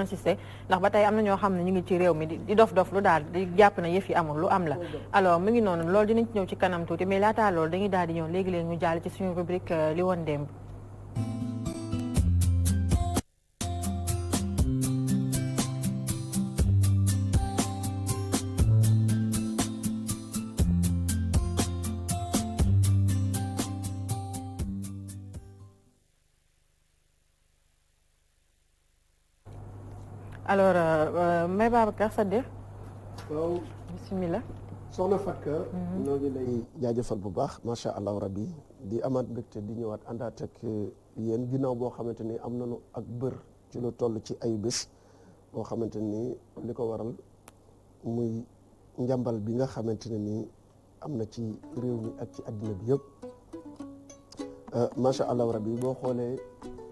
insisté ndax ba tey am na ñoo xam ne ñu ngi ci réew mi di dof dof lu daal di jàpp na yëf yi amul lu am la alors mu ngi noonu loolu dinañ ci ñëw ci kanam tuuti mais laataa loolu dañuy daal di ñëw léegi-léegi ñu jàll ci suñu rubrique euh, li woon démb alors euh, euh, Mbaye Babacar Sadikh. waaw bisimilah. soxna Fatka. ñoo mhm. lay jaajëfal bu baax macha allah rabbi di amaat mbégte di ñëwaat àndaat ak euh, yéen ginnaaw boo xamante ni am nañu ak bër ci lu toll ci ay bés boo xamante ni li ko waral muy njàmbal bi nga xamante ne ni am na ci réew mi ak ci addina bi yëpp macha allah rabbi boo xoolee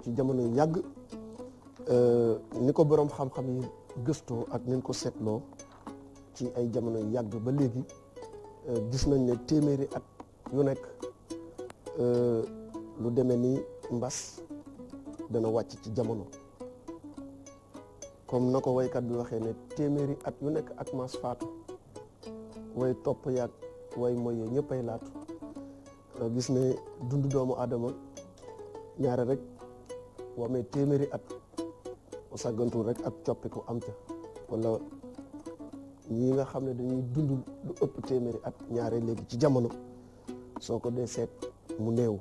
ci jamono yàgg. Euh, ni ko borom xam-xam yi gëstoo ak ni ko seetloo ci ay jamono yu yàgg ba léegi euh, gis nañ ne téeméeri at yu nekk euh, lu demee ni mbas dana wàcc ci jamono comme na ko waykat bi waxee ne téeméeri at yu nekk ak mas faatu way topp yaag way moye ñëppay gis ne dund doomu aadama ñaare rek wamee téeméeri at ku sàggantul rek ak coppiku am ca kon la ñi nga xam ne dañuy dund lu ëpp téeméeri at ñaare léegi ci jamono soo ko dee seet mu néew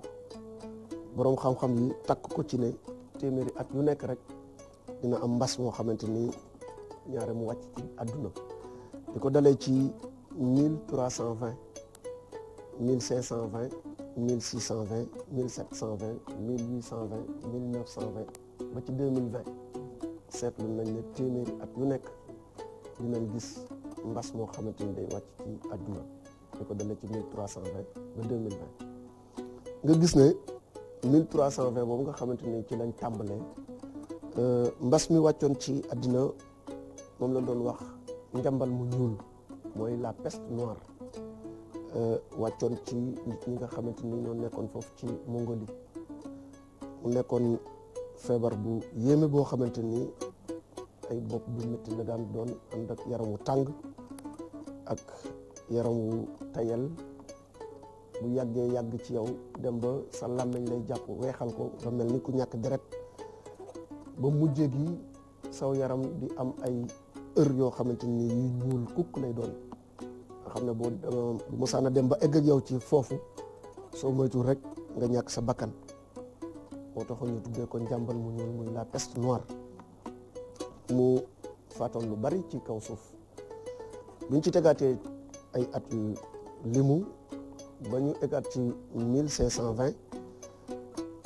boroom xam-xam yi takk ko ci ne téeméeri at yu nekk rek dina am mbas moo xamante ni ñaare mu wàcc ci àdduna di ko dalee ci mille trois cent vingt mille cinq cent vingt mille six cent vingt mille sept cent vingt mille huit cent vingt mille neuf cent vingt ba ci deux mille vingt seetlu nañ ne téeméeri at yu nekk dinañ gis mbas moo xamante ni day wàcc ci àdduna li ko dalee ci mille trois cent vingt ba deux nga gis ne mille trois cent vingt boobu nga xamante ni ci lañ tàmbalee euh, mbas mi wàccoon ci àddina moom la doon wax njambal mu ñuul mooy la peste noire euh, wàccoon ci ñi nga xamante ni ñoo nekkoon foofu ci Mongolie mu nekkoon feebar bu yéeme boo xamante ay bopp bu métti la daan doon ànd yaram yaramu tàng ak yaramu tayal bu yàggee yàgg ci yow dem ba sa làmmiñ lay jàpp weexal ko nga mel ni ku ñàkk deret ba mujjee gi saw yaram di am ay heure yoo xamante ni yu ñuul kukk lay doon nga xam ne boo musaana dem ba egg ci foofu soo moytuwul rek nga ñàkk sa bakkan moo taxoon ñu duggee ko njàmbal mu ñuul muy la peste noire mu faatoon lu bari ci kaw suuf buñ ci tegaatee ay at yu limu ba ñu eggaat ci mille cinq cent vingt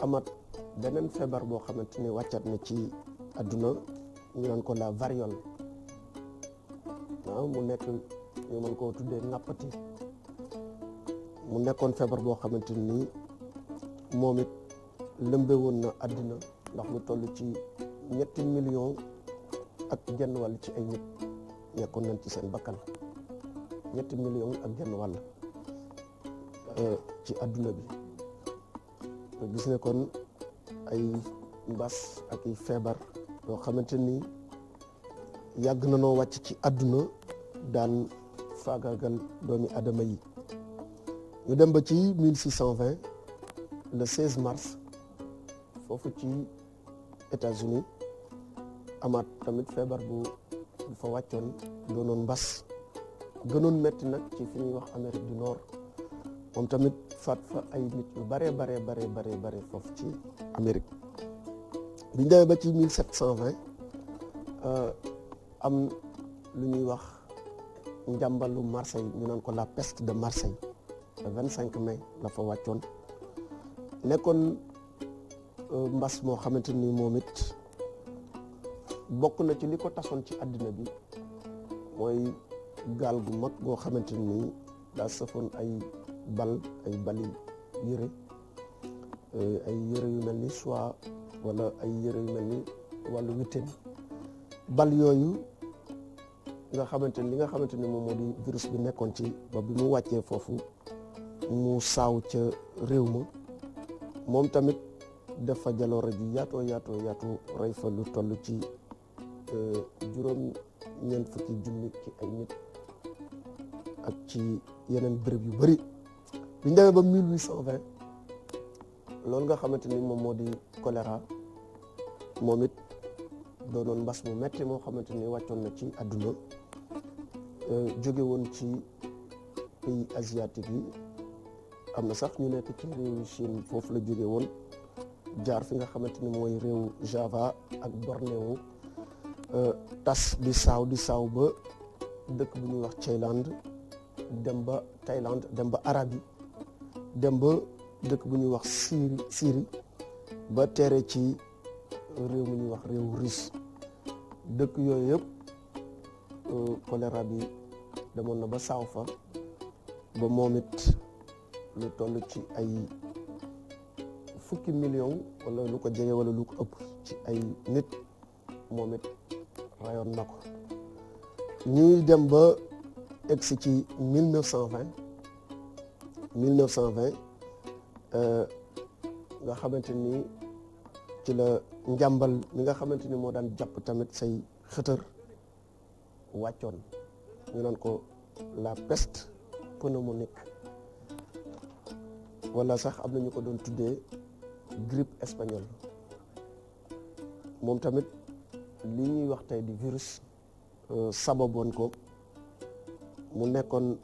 amat beneen feebar boo xamante ni wàccat na ci adduna ñu naan ko la variole waaw ah, mu nekk ñu mën koo tuddee nàppati mu nekkoon feebar boo xamante ni moom it lëmbe woon na adduna ndax mu toll ci ñetti millions ak genn wàll ci ay nit ñàkkoon nañ ci seen bakkan ñetti million ak genn wàll eh, ci adduna bi gis ne kon ay mbas ak ay feebar yoo xamante ni yàgg na noo wàcc ci adduna daan faagaagal doomi adama yi ñu dem ba ci 1620 le 16 mars foofu ci États-Unis amaat tamit feebar bu fa wàccoon doonoon mbas gënoon metti nag ci fi ñuy wax Amérique du Nord moom tamit faat fa ay nit yu bare bare bare bare bare foofu ci Amérique biñ demee ba ci euh, am lu ñuy wax njàmbalu Marseille ñu naan ko la peste de Marseille le 25 mai la fa wàccoon nekkoon euh, mbas moo xamante ni moom it bokk na ci li ko tasoon ci àddina bi mooy gaal gu mag goo xamante ni daa sëfoon ay bal ay bali yëre euh, ay yére yu mel ni soie wala ay yëre yu mel ni walla witteen bal yooyu nga xamante ni li nga xamante ni moom moo di virus bi nekkoon ci ba bi mu wàccee foofu mu saaw ca réew ma moom tamit def dafa jaloore ji yaatoo yaatoo yaatu rey fa lu toll ci juróom ñeent fukki junni ci ay nit ak ci yeneen béréb yu bari biñ demee ba 1820 loolu nga xamante ni moom moo di choléra moom it doonoon mbas mu metti moo xamante ni wàccoon na ci àdduna euh, jóge woon ci pays asiatique yi am na sax ñu nekk ci réewu Chine foofu la jóge woon jaar fi nga xamante ni mooy réew Java ak Bornéo Euh, tas di saaw di saaw ba dëkk bu ñuy wax Thaïlande dem ba Thaïlande dem ba Arabie dem ba dëkk bu ñuy wax Syrie Syrie ba tere ci réew mu ñuy wax réew russe dëkk yooyu yëpp euh, choléra bi demoon na ba saaw fa ba moom lu toll ci ay fukki million walla lu ko jege wala lu ëpp ci ay nit moom rayoon na ko ñuy dem ba egsi ci 1920 1920 euh, nga xamante ni ci la njàmbal mi nga xamante ni moo daan jàpp tamit say xëtër wàccoon ñu naan ko la peste pneumonique wala sax am na ñu ko doon tuddee grippe espagnole moom tamit li ñuy wax tey di virus euh, sababoon ko mu nekkoon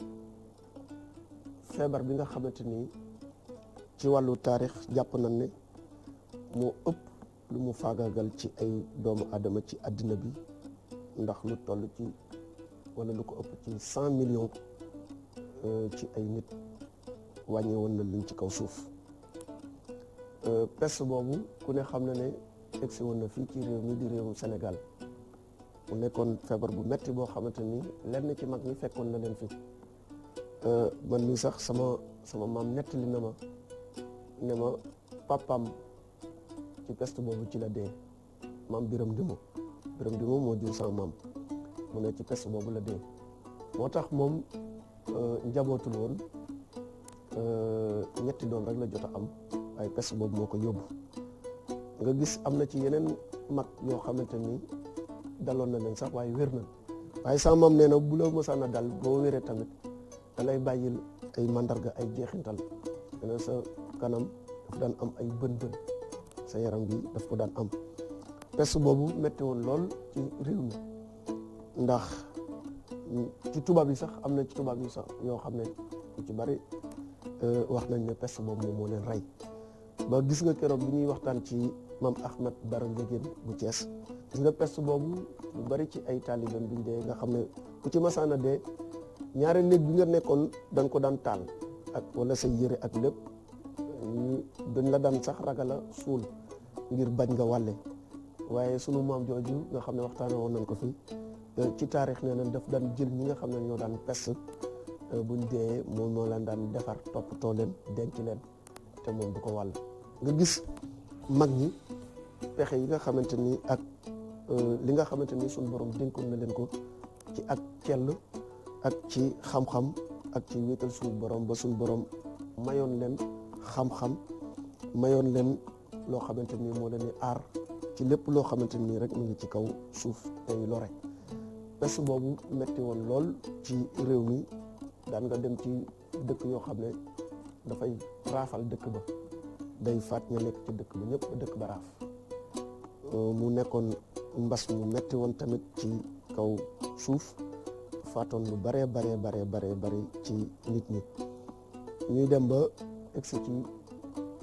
feebar bi nga xamante ni ci wàllu taarix jàpp nañ ne moo ëpp lu mu faagaagal ci ay doomu aadama ci àddina bi ndax lu toll ci walla lu ko ëpp ci cent millions euh, ci ay nit wàññi woon na luñ ci kaw suuf euh, peste boobu ku ne xam na ne egg si woon na fii ci réew mi di réewum senegal mu nekkoon feebar bu metti boo xamante ni lenn ci mag ñi fekkoon na leen fi euh, man mii sax sama sama maam nettali na ma ne ma papam ci pest boobu ci la dee maam biram dimu biram dimu moo jur sax maam mu ne ci peste boobu la dee moo tax moom euh, njabootul woon euh, ñetti doom rek la jot a am ay peste boobu moo ko yóbbu nga gis am na ci yeneen mag yoo xamante ni daloon na leen sax waaye wér na waaye sax moom nee na bu la mosaan a dal boo wéree tamit dalay lay bàyyil ay mandarga ay jeexintal nee na sa kanam daf am ay bën-bën sa yaram bi daf ko daan boobu metti lool ci ndax ci tubaab yi sax am na ci tubaab yi sax yoo xam ne ci bari euh, wax nañ ne peste boobu moom moo leen rey ba gis nga keroog bi ñuy waxtaan ci maam Ahmed Bara Ndiéguène bu Thiès gis nga peste boobu lu bari ci ay taalibeem biñ dee nga xam ne ku ci masaana de ñaare néeg bi nga nekkoon dañ ko daan taal ak wala say yëre ak lépp ñu dañ la daan sax ragala suul ngir bañ nga wàlle waaye sunu maam jooju nga xam ne waxtaanee woon nañ ko fi euh, ci taarix nee nañ daf daan jël ñi xam ne ñoo daan peste euh, buñ dee moom moo leen daan defar toppatoo leen denc leen te moom du ko wàll nga gis mag ñi pexe yi nga xamante ni ak euh, li nga xamante ni suñ borom dénkoon na leen ko ci ak kell ak ci xam-xam ak ci wéetal suñu borom ba suñu borom mayoon leen xam-xam mayoon leen loo xamante ni moo leen di aar ci lépp loo xamante nii rek mu ngi ci kaw suuf tey lore pes boobu metti woon lool ci réew mi daan nga dem ci dëkk yoo xam ne dafay raafal dëkk ba dañ faat ña nekk ci dëkk ba ñëpp dëkk ba raaf euh, mu nekkoon mbas mu metti woon tamit ci kaw suuf faatoon lu baree baree baree baree bare ci nit ñi ñuy dem ba egsi ci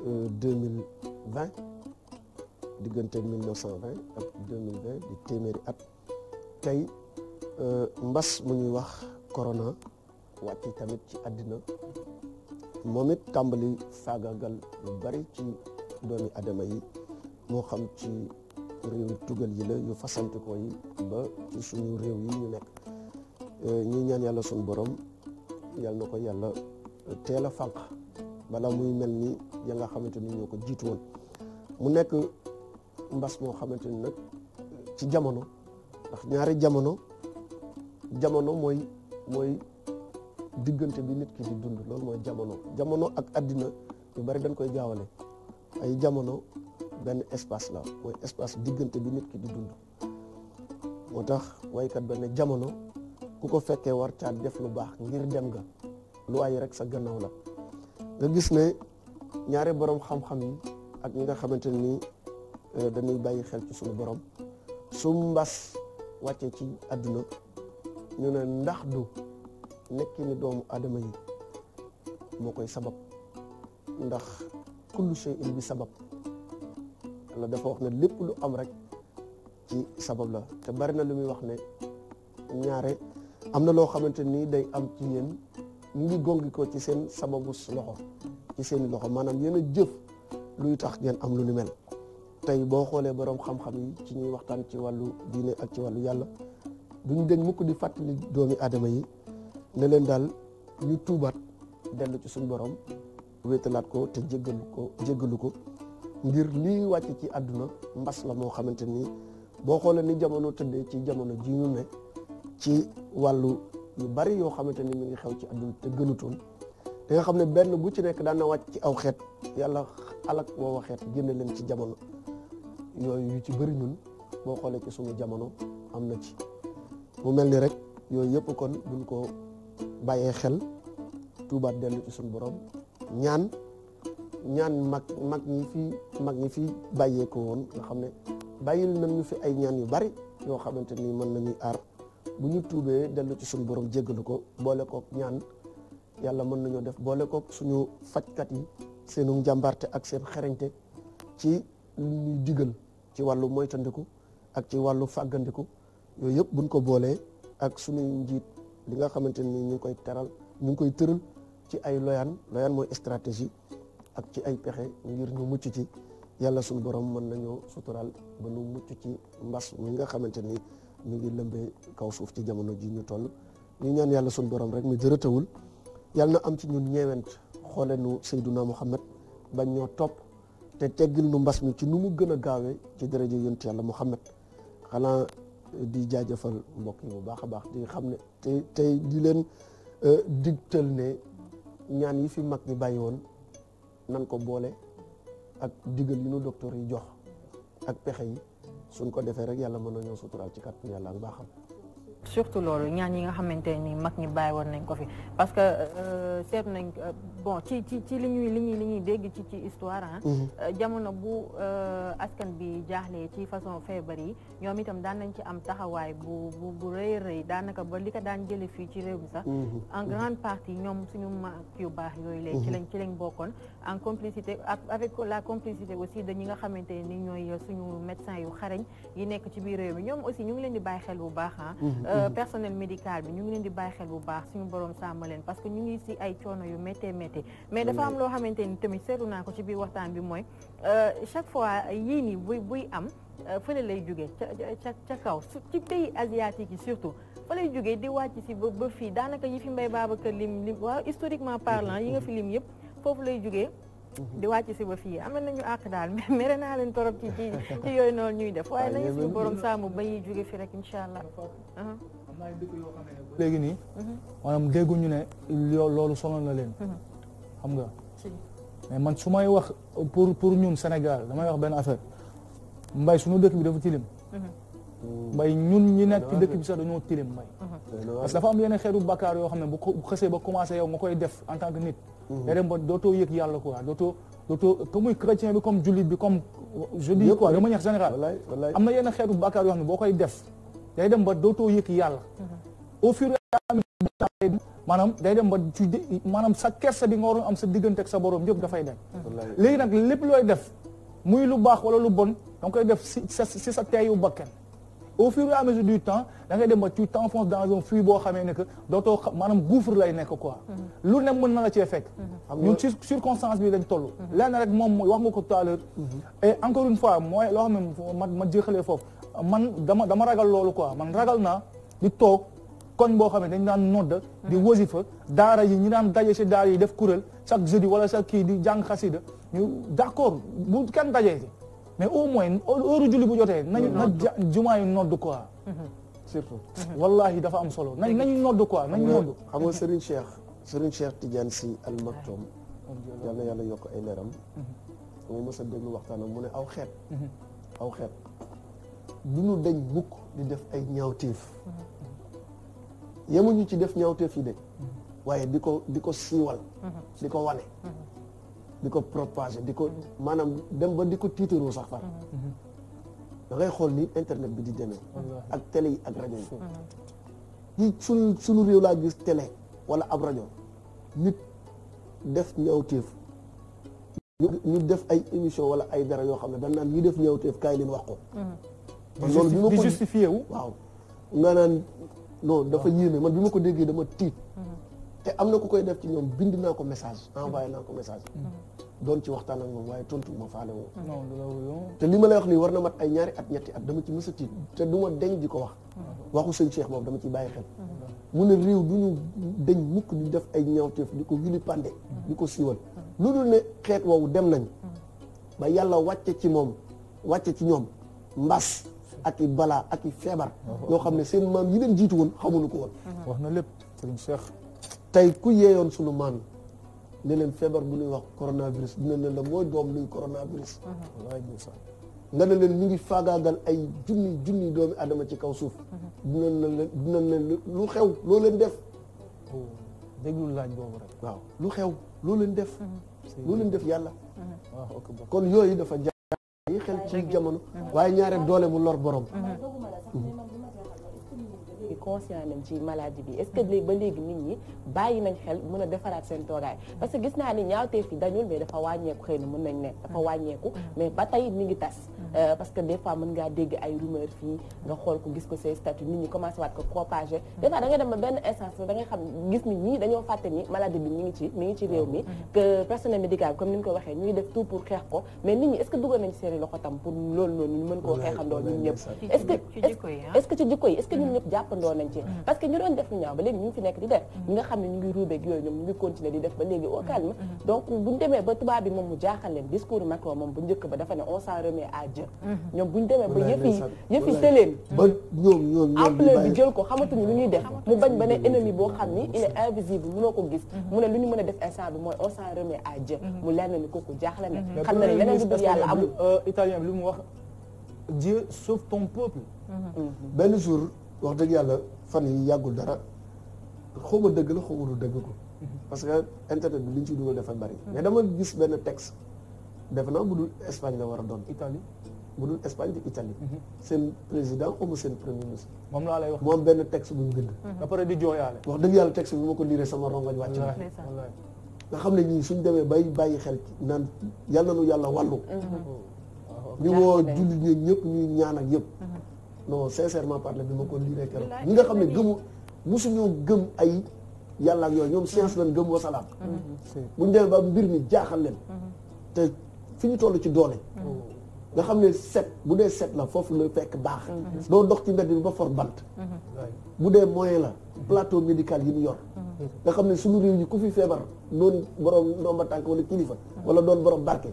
euh, deux mille vingt diggante di téeméeri at tey euh, mbas mu ñuy wax corona wàcc tamit ci àddina moom it tàmbali faagaagal lu bari ci doomi adama yi moo xam ci réew tugal yi la ñu fasante ko yi ba ci suñu réew yi ñu nekk euh, ñuy ñaan yàlla suñ borom yàlla na ko yàlla euh, teel a fànq bala muy mel ni ya nga xamante ni ñoo ko jiitu woon mu nekk mbas moo xamante ni nag ci jamono ndax ñaari jamono jamono mooy mooy diggante bi nit ki di dund loolu mooy jamono jamono ak addina ñu bari dañ koy jaawale ay jamono benn espace la mooy espace diggante bi nit ki di dund moo tax waykat ba ne jamono ku ko fekkee war caa def lu baax ngir dem nga lu ay rek sa gannaaw la nga gis ne ñaari boroom xam-xam yi ak ñi nga xamante ni euh, dañuy bàyyi xel ci suñu borom su mbas wàccee ci àdduna ñu ne ndax du nekkinu doomu aadama yi moo koy sabab ndax kullu shay'in bi sabab la dafa wax ne lépp lu am rek ci sabab la te bari na lu muy wax ne ñaare am na loo xamante nii day am ci yéen ñu ngi gongi ci seen sababu loxo ci seen loxo maanaam yéen a jëf luy tax ngeen am lu ni mel tey boo xoolee borom xam-xam yi ci ñuy waxtaan ci wàllu diine ak ci wàllu yàlla duñ deñ mukk di fàttali doomi aadama yi ne leen daal ñu tuubaat dellu ci suñu borom wéetalaat ko te jéggalu ko jéggalu ko ngir lii wàcc ci àdduna mbas la moo xamante ni boo xoolee ni jamono tëddee ci jamono ji ñu ne ci wàllu yu bari yoo xamante ni mi ngi xew ci àdduna te gënutoon te nga xam ne benn bu ci nekk daan na wàcc ci aw xeet yàlla alak woowa xeet génne leen ci jamono yooyu ci bari ñun boo xoolee ci suñu jamono am na ci mu mel ni rek yooyu yëpp kon buñ ko bàyyee xel tuubaat dellu ci suñu boroom ñaan ñaan mag mag ñi fi mag ñi fi bàyyee ko woon nga xam ne bàyyil nañ ñu fi ay ñaan yu bari yoo xamante ni mën nañuy aar bu ñu tuubee dellu ci suñu boroom jéggalu ko boole kook ñaan yàlla mën nañoo def boole kook suñu fajkat yi seenu njàmbarte ak seen xereñte ci lu ñuy digal ci wàllu moytandiku ak ci wàllu fàggandiku yooyu yëpp buñ ko boolee ak suñuy njiit li nga xamante ni ñu ngi koy teral ñu ngi koy tëral ci ay loyaan loyaan mooy stratégie ak ci ay pexe ngir ñu mucc ci yàlla suñu borom mën nañoo suturaal ba ñu mucc ci mbas mi nga xamante ni ñu ngi lëmbee kaw suuf ci jamono ji ñu toll ñu ñaan yàlla suñu borom rek mu jërëtawul yàlla na am ci ñun ñeewent xoole nu Seyduna Muhammad bañ ñoo topp te teggil nu mbas mi ci nu mu gën a gaawee ci daraja yonent yàlla Muhammad xanaa di jaajëfal mbokk yi bu baax a baax di xam ne tey tey di leen euh, digtal ne ñaan yi fi mag ñi bàyyi woon nan ko boole ak digal yi nu docteur yi jox ak pexe yi suñ ko defee rek yàlla mën na ñoo suturaal ci kàttan yàlla ak baaxam surtout loolu ñaan yi nga xamante ni mag ñi bàyyi woon nañ ko fi parce que euh, seet nañ euh, bon ci ci ci li ñuy li ñuy li ñuy dégg ci ci histoire ah jamono bu askan bi jaaxlee ci façon feebar yi ñoom itam daan nañ ci am taxawaay bu bu bu rëy rëy daanaka ba li ko daan jële fii ci réew mi sax mhm. en grande partie ñoom suñu mag yu baax yooyu léegi ci mhm. lañ ci lañ bokkoon en complicité ak avec la complicité aussi de ñi nga xamante ni ñooy suñu médecin yu xarañ yi nekk ci biir réew mi ñoom aussi ñu ngi leen di bàyyi xel baax ah Euh, mhm. personnel médical bi ñu ngi leen di bàyyi xel bu baax suñu borom sàmm leen parce que ñu ngi si ay coono yu méttee méttee mais dafa am loo xamante ni tamit seetlu naa ko ci biir waxtaan bi mooy euh, chaque fois yii nii buy buy am euh, fële lay jógee ca ca kaw ci pays asiatique yi surtout fa lay jógee di wàcc si ba ba fii daanaka yi fi mbay Babacar lim lim waaw historiquement parlant yi nga fi lim yëpp foofu lay jógee di wàcc si ba fii am nañu àq daal mais naa leen torop ci ci yooyu noonu ñuy def waaye nañu suñu borom saamu ba yi jóge fi rek incha allah. léegi nii. maanaam dégguñu ne loolu sonal na leen. xam nga. mais man su may wax pour pour ñun Sénégal damay wax benn affaire mbay suñu dëkk bi dafa tilim. mbay ñun ñi nekk ci dëkk bi sax dañoo tilim mbay. parce que dafa am yenn xeetu bakkaar yoo xam ne bu xësee ba commencé yow nga koy def en tant que nit day mhm. dem ba dootoo yëg yàlla quoi dootoo dootoo comme muy chrétien bi comme jullit bi comme je dis quoi de manière générale am na yenn day dem ba dootoo yëg yàlla mhm. sa bi nga waroon am sa diggante ak sa borom yëpp dafay dem mhm. léegi nag lépp looy def muy lu baax wala lu bon danga koy def si sa si sa au fur et à mesure du temps da dem ba tu t'enfonces dans un puits boo xamee ne que dootoo xam maanaam gouffre lay nekk quoi. Mm-hmm. lu ne mën na la cee fekk. Mm-hmm. ñun ci circonstance bi lañ toll. Mm-hmm. lenn rek moom wax nga ko tout à l'heure et encore une fois mooy loo xam ne man ma jeexalee dama ragal loolu quoi man ragal naa di toog koñ boo xam ne dañ daan nodd di fa daara yi ñu daan daje ci daara yi def kuréel chaque jeudi wala chaque kii di jàng xasida ñu d'accord bu kenn dajee ci mais au moins heure julli bu jotee. nañu na jumaa yu nodd quoi. Mhm. surtout. Mhm. wallahi dafa am solo nañ nañu nodd quoi nañu nodd. xam nga Serigne Cheikh Serigne Cheikh Tidiane si Al Maktoum. yal na yàlla yokk ay leeram. mu mhm. mës a déglu waxtaanam mu ne aw xeet. aw xeet du ñu dañ mukk di def ay ñaawteef. yemuñu ci def ñaawteef yi de. waaye di ko di ko siiwal. di ko wane. di ko propager di ko maanaam dem ba di ko tiitaroo sax far mhm. da ngay xool ni internet bi di demee ak télé yi ak rajo yi su mhm. suñu suñu réew laa gis télé wala ab rajo nit def ñawteef ñu def ay émission wala ay dara yoo xam ne dañ naan ñi def ñawteef kaay leen wax ko mhm. loolu bi ma ko justifié waaw nga naan non dafa yéeme man bi ma ko déggee dama tiit te am na ku koy def ci ñoom bind naa ko message envoyé naa ko message doon ci waxtaan ak moom waaye tontu ma faale woo te li ma lay wax nii war na mat ay ñaari at ñetti at dama ci mës a te du ma deñ di ko wax waxu sëñ Cheikh boobu dama ci bàyyi xel mu ne réew du ñu deñ mukk di def ay ñaawteef di ko pande di ko siiwal lu dul ne xeet woowu dem nañ ba yàlla wàcce ci moom wàcce ci ñoom mbas ak i balaa ak i feebar loo mhm. xam ne seen maam yi leen jiitu woon xamuñu ko woon wax na lépp sëñ Cheikh tey ku yeeyoon sunu maam ne leen feebar bu nuy wax coronavirus dina ne la mooy doom luy coronavirus. Mhm. wallaahi nga ne leen mu ngi faagaagal ay junni junni doomi adama ci kaw suuf. Mhm. dina ne leen dina ne lu xew loo leen def. Oh, déglu laaj boobu rek. lu xew loo leen def. Mhm. loo leen def yàlla. kon yooyu dafa jaar yi xel ci jamono. waaye ñaare doole mu lor borom. conscient nañ ci maladie bi est ba léegi nit ñi bàyyi nañ xel mën a defaraat seen gis na mën nañ ne dafa mm. wàññeeku mm. mais ba tey mi ngi tas mm. euh, parce que des fois dem benn instance da xam gis ni ñii dañoo fàtte ni maladie bi mi ngi ci mi ngi ci réew mi que médical comme ni ñu ko waxee ñuy def tout pour xeex ko mais nit ñi est-ce que dugal seeni loxo tam pour loolu noonu ñu mën koo xeexandoo ñun ñëpp est-ce ah. ci jikko yi est-ce que jàppandoo tolloo nañ ci parce que ñu doon def lu ñaaw ba léegi ñu ngi di def ñi ñu ngi mm-hmm. Mm-hmm. mu jaaxal discours Macron moom bu njëkk ba dafa on s'en remet à Dieu mm-hmm. ñoom buñ demee ba yëf yi yëf yi jël ko xamatuñu mu lu ñu a def instant bi mooy on s'en remet à Dieu mu leer na ni kooku jaaxle na xam na ne leneen lu dul yàlla amul euh, italien bi lu mu wax Dieu sauve peuple benn jour wax dëgg yàlla fan yi yàggul dara xaw ma dëgg la xaw ma dëgg ko mhm. parce que internet bi li ñu ci dugal dafa bari mhm. mais dama gis benn texte def naa bu dul Espagne la war a doon Italie bu dul Espagne di Italie mhm. seen président xaw ma seen premier ministre moom laa lay wax moom benn texte bu mu bind dëgg yàlla texte bi ma ko liiree sama rongañ wàcc na nga xam ne ñii suñ demee bay bàyyi xel ci naan yàlla na nu yàlla wàllu oh, oh. ñu woo jullit ñëpp ñuy ñaan ak yëpp non sincèrement parlé bi ma ko nga xam ne gëmu mosuñoo gëm ay yàlla ak yooyu ñoom science lañ gëm wasalaam mm-hmm. mm-hmm. bu ñu ba mi jaaxal leen mm-hmm. te fi ñu toll ci doole nga xam ne set bu dee set la foofu la fekk baax doo dox ci mbedd bi ba for bant bu dee moyen la plateau médical yi ñu yor nga xam ne suñu réew yi ku fi feebar doon borom ndomba tànk wala kilifa wala doon borom barke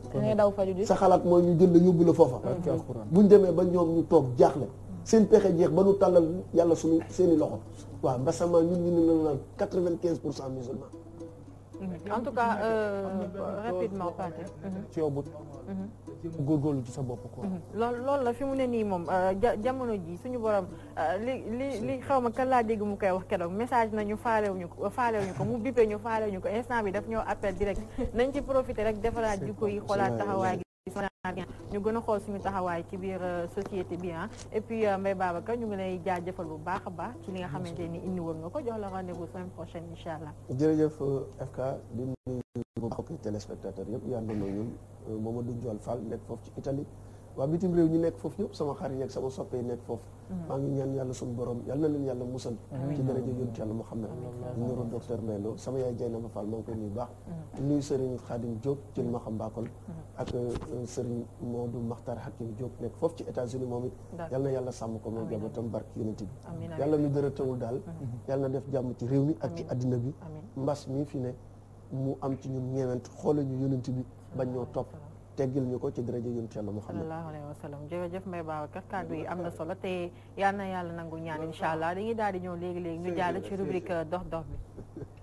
sa xalaat mooy ñu jël la yóbbu la foofa buñ demee ba ñoom ñu toog jaaxle seen pexe jeex ba nu tàllal yàlla suñu seen i loxo waaw mbasamaa ñun ñu ne la pour cent musulmans. Mhm. en tout cas euh, rapidement Pathé. Mhm. ci yow bu góorgóorlu ci sa bopp quoi. loolu mhm. loolu la fi mu ne nii moom euh, jamono ji suñu borom euh, li li li xaw ma kan laa dégg mu koy wax keroog message nañu faalewuñu ko faalewuñu ko mu bippé ñu faalewuñu ko instant bi def ñoo appel direct nañ ci profité rek defaraat jikko yi xoolaat taxawaay gi ñu gën a xool suñu taxawaay ci biir euh, société bi ah et puis euh, Mbaye Babacar ñu ngi lay jaajëfal bu baax a baax ci li nga xamante ni indi woon nga ko jox la rendez-vous semaine prochaine incha allah. jërëjëf euh, FK di nuyu mbokki téléspectateur yëpp yu àndoon ñun Mamadou Ndiol Fall nekk foofu ci Italie. waa bitim réew ñu nekk foofu ñëpp sama xarit yeeg sama soppe yi nekk foofu mm-hmm. maa ngi ñaan yàlla suñu borom yal na leen yàlla musal ci daraja yonent yàlla Muhammad numéro docteur Mbaye Lo sama yaay jay na ma Fall maa ngi koy nuyu baax mm-hmm. nuyu Serigne ci ma xam Mbakol mm-hmm. ak euh, euh, Serigne Modou Makhtar Hakim Diop nekk foofu ci états moom it yal na yàlla sàmm ko moom jabatam barke yonent bi yàlla mi dara tawul daal yàlla na def jàmm ci réew mi ak ci àddina bi mbas mi fi ne mu am ci ñun ñeewent xoole ñu yonent bi bañ ñoo topp teggil ñu ko ci daraja yonent Yàlla Muhammad sallallahu alayhi wa sallam jërëjëf Mbaye Babacar kàddu yi am na solo te yal na yàlla nangu ñaan incha allah dañuy daal di ñëw léegi léegi ñu jàll ci rubrique euh, dox dox bi